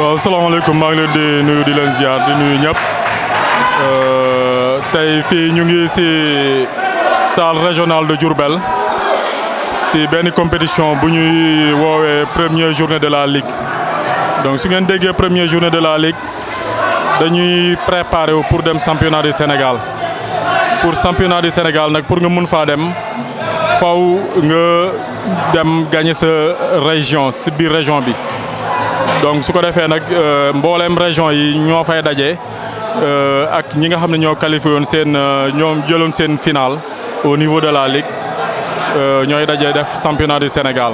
waaw salaamaaleykum maa ngi leen di nuyu di leen ziar di nuyu ñëpp euh, tey fii ñu ngi si salle régional de Diourbel si benn compétition bu ñuy woowee première journée de la ligue donc su ngeen déggee premier journée de la ligue dañuy préparer wu pour dem championnat du Sénégal pour championnat du Sénégal nag pour nga mun faa dem fow nga dem gagner sa région si biir région bi. donc su ko defee nag euh, mbooleem région yi ñoo fay daje euh, ak ñi nga xam ne ñoo qualifié woon seen euh, ñoom jëloon seen finale au niveau de la ligue ñooy dajee def championnat du Sénégal.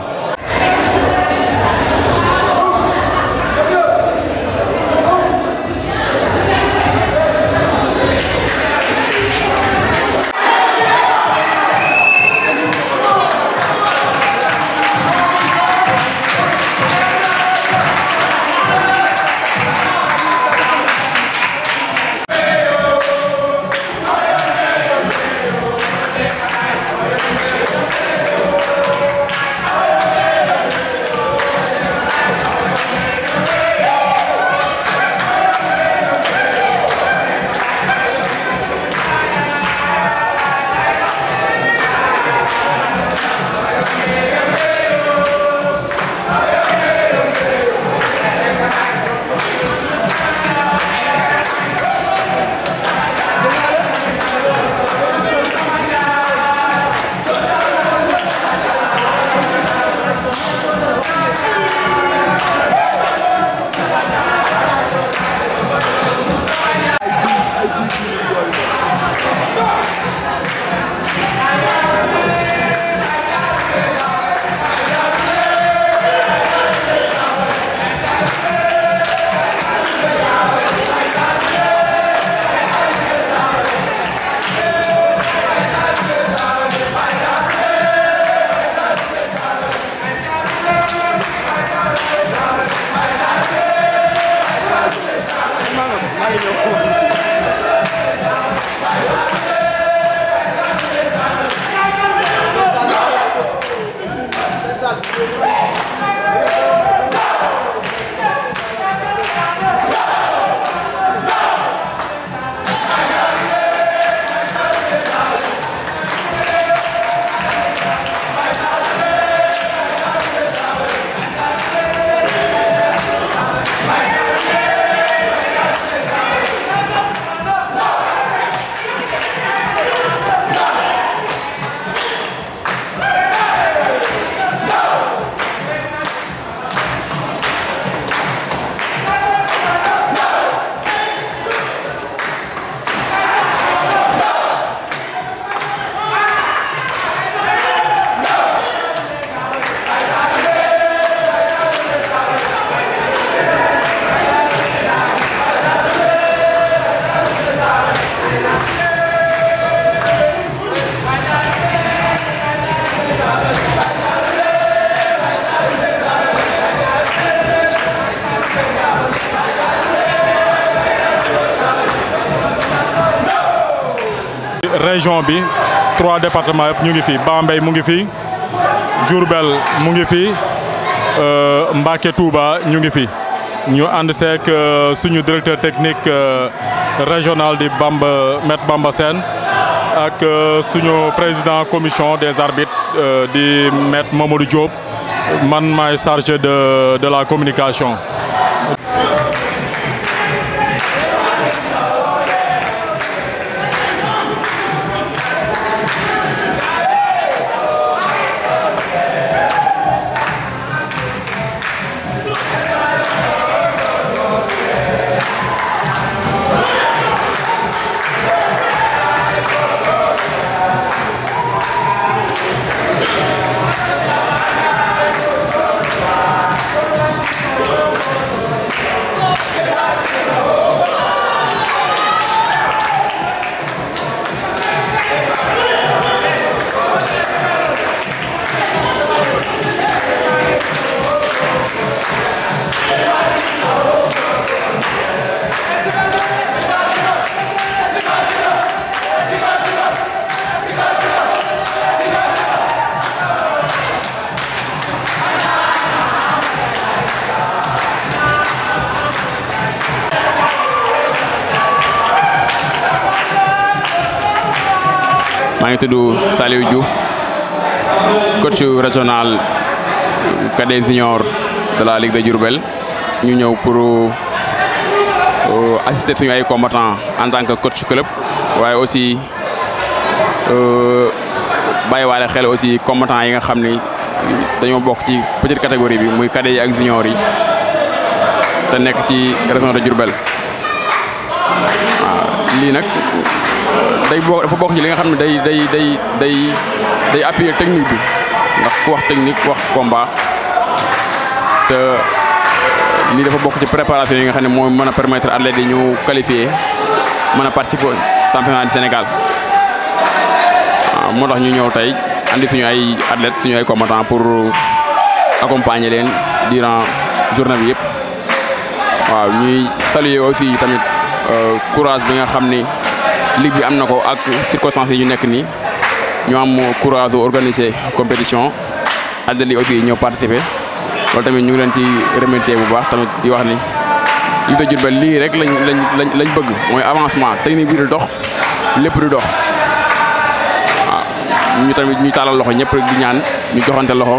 région bi trois département yëpp ñu ngi fi Bambey mu ngi fi Diourbel mu ngi fi euh, Mbacké Touba ñu ngi fi ñu ànd seek euh, suñu directeur technique euh, régional di Bamba Maître Bamba Sène ak suñu président commission des arbitres di Maître Mamadou Diop man may chargé de de la communication ngi tudd Saliou Diouf coach régional cadet junior de la Ligue de Diourbel ñu ñëw pour euh, assister suñu ay combattant en tant que coach club waaye aussi euh, bàyyiwaale xel aussi combattant yi nga xam ni dañoo bokk ci petite catégorie bi muy cadet yi ak junior yi te nekk ci région de Diourbel waaw lii nag day dafa bokk ci li nga xam ne day day day day day appuyer technique bi ndax ku wax technique wax combat te lii dafa bokk ci préparation yi nga xam ne moo mën a permettre athlètes yi ñu qualifier mën a participer championnat du Sénégal waaw moo tax ñu ñëw tey andi suñu ay athlètes suñu ay combattants pour accompagner leen durant journée bi yëpp waaw ñuy saluer aussi tamit euh, courage bi nga xam ni. ligue bi am na ko ak circonstances yi ñu nekk nii ñu am courage organiser compétition athlètes aussi ñoo participer loolu tamit ñu leen ci remercier bu baax tamit di wax ni li da Diourbel lii rek lañ lañ lañ bëgg mooy avancement technique bi di dox lépp di dox waaw ñu tamit ñu tàllal loxo ñëpp rek di ñaan ñu joxante loxo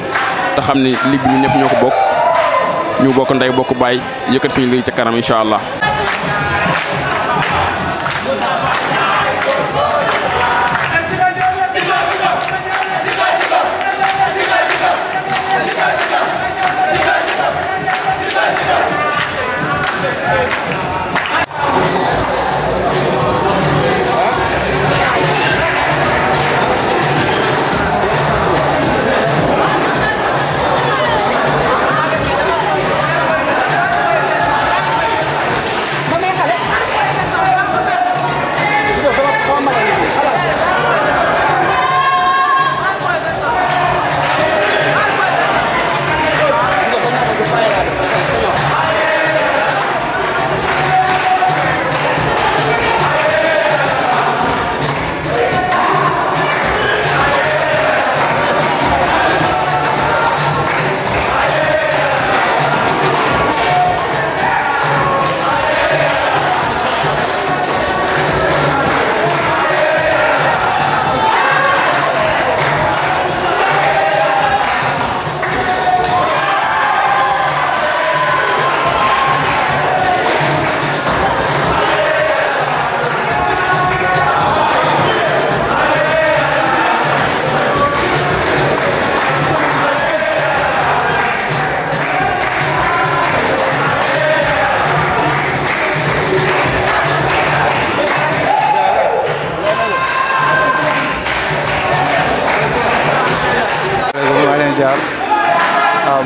xam ni ligue ñëpp ñoo ko bokk ñu bokk ndey bokk baay yëkkati suñu liggéey ca kanam incha allah.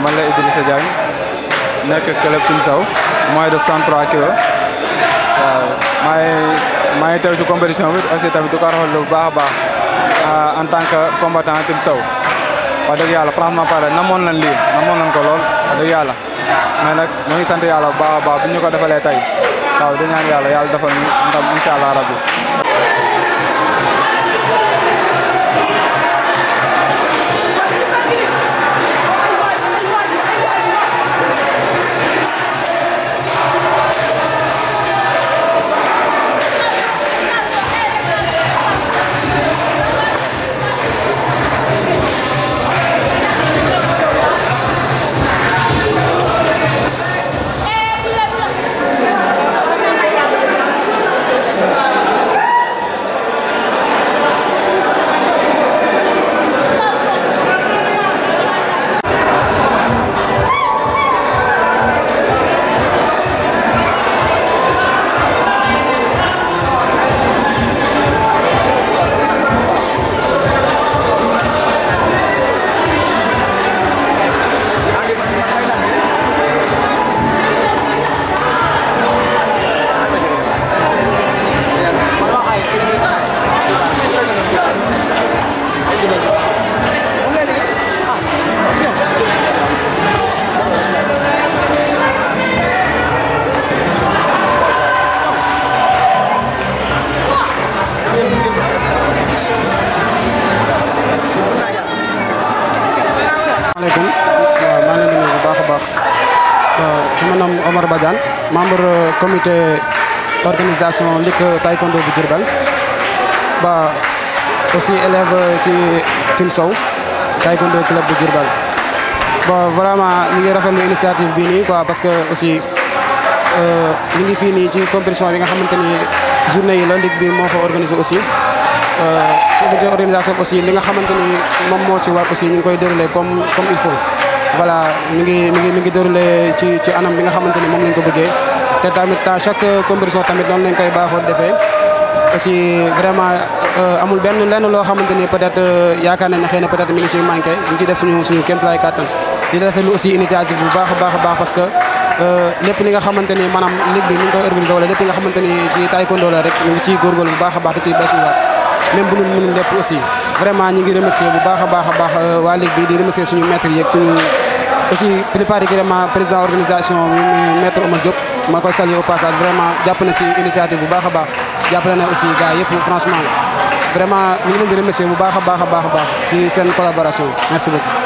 man la Idrissa Diagne nekk club Timsaw moins de 103 kilos waaw maa ngi maa ngi teew ci compétition bi aussi tamit du ko rafetlu bu baax a baax euh, en tant que combattant Timsaw wax dëgg yàlla franchement parlé namoon nañ lii namoon nañ ko lool wax dëgg yàlla mais nag ñu ngi sant yàlla bu baax baax bu ñu ko defalee tey waaw di ñaan yàlla yàlla defal ñu ndam incha allah rabbi pour euh, comité organisation Ligue Taekwondo bu Diourbel ba aussi élève euh, ci Tim Sow Taekwondo club bu Diourbel bon vraiment ñu ngi rafetlu initiative bi nii quoi parce que aussi mi euh, ngi fii nii ci compétition bi nga xamante ni journée yi la ligue bi moo ko organisé aussi comité organisation aussi li nga xamante ni moom moo si war aussi ñu ngi koy déroulé comme comme il faut voilà mi ngi mi mi ngi déroulé ci ci anam bi nga xamante ni moom lañ ko bëggee te tamit à chaque compétition tamit noonu lañ koy baaxoo defee aussi vraiment euh, amul benn lenn loo xamante ni peut-être euh, yaakaar nañ ne na peut-être mi ngi ciy manqué ñu ci def suñu suñu kéem tolluwaay di defee lu aussi initiative bu baax a baax a baax parce euh, lépp nga xamante ni maanaam ligue bi ñu ngi koy organisé wala lépp li nga xamante ni ci taekwondo la rek ñu ngi ciy góorgóorlu bu baax a baax di baax même lépp aussi vraiment ñu ngi remercier bu baax a baax a baax waa ligue bi di remercier suñu maître yeeg suñu aussi plus particulièrement président organisation maître Omar Diop ma koy saluer au passage vraiment jàpp na ci initiative bu baax a baax jàppale na aussi gars yëpp franchement vraiment ñu ngi leen di bu baax a baax a baax a baax ci seen collaboration merci beaucoup.